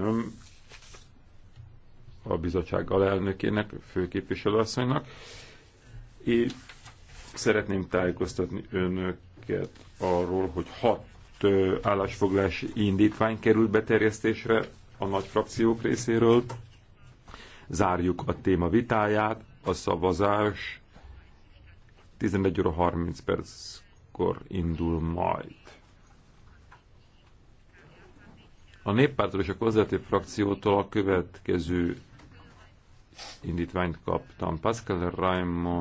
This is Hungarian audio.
Köszönöm a bizottság alelnökének, főképviselőasszonynak. Én szeretném tájékoztatni önöket arról, hogy hat állásfoglalási indítvány került beterjesztésre a nagy frakciók részéről. Zárjuk a téma vitáját, a szavazás 11 óra 30 perckor indul majd. A néppártól és a konzervatív frakciótól a következő indítványt kaptam. Pascal Raimond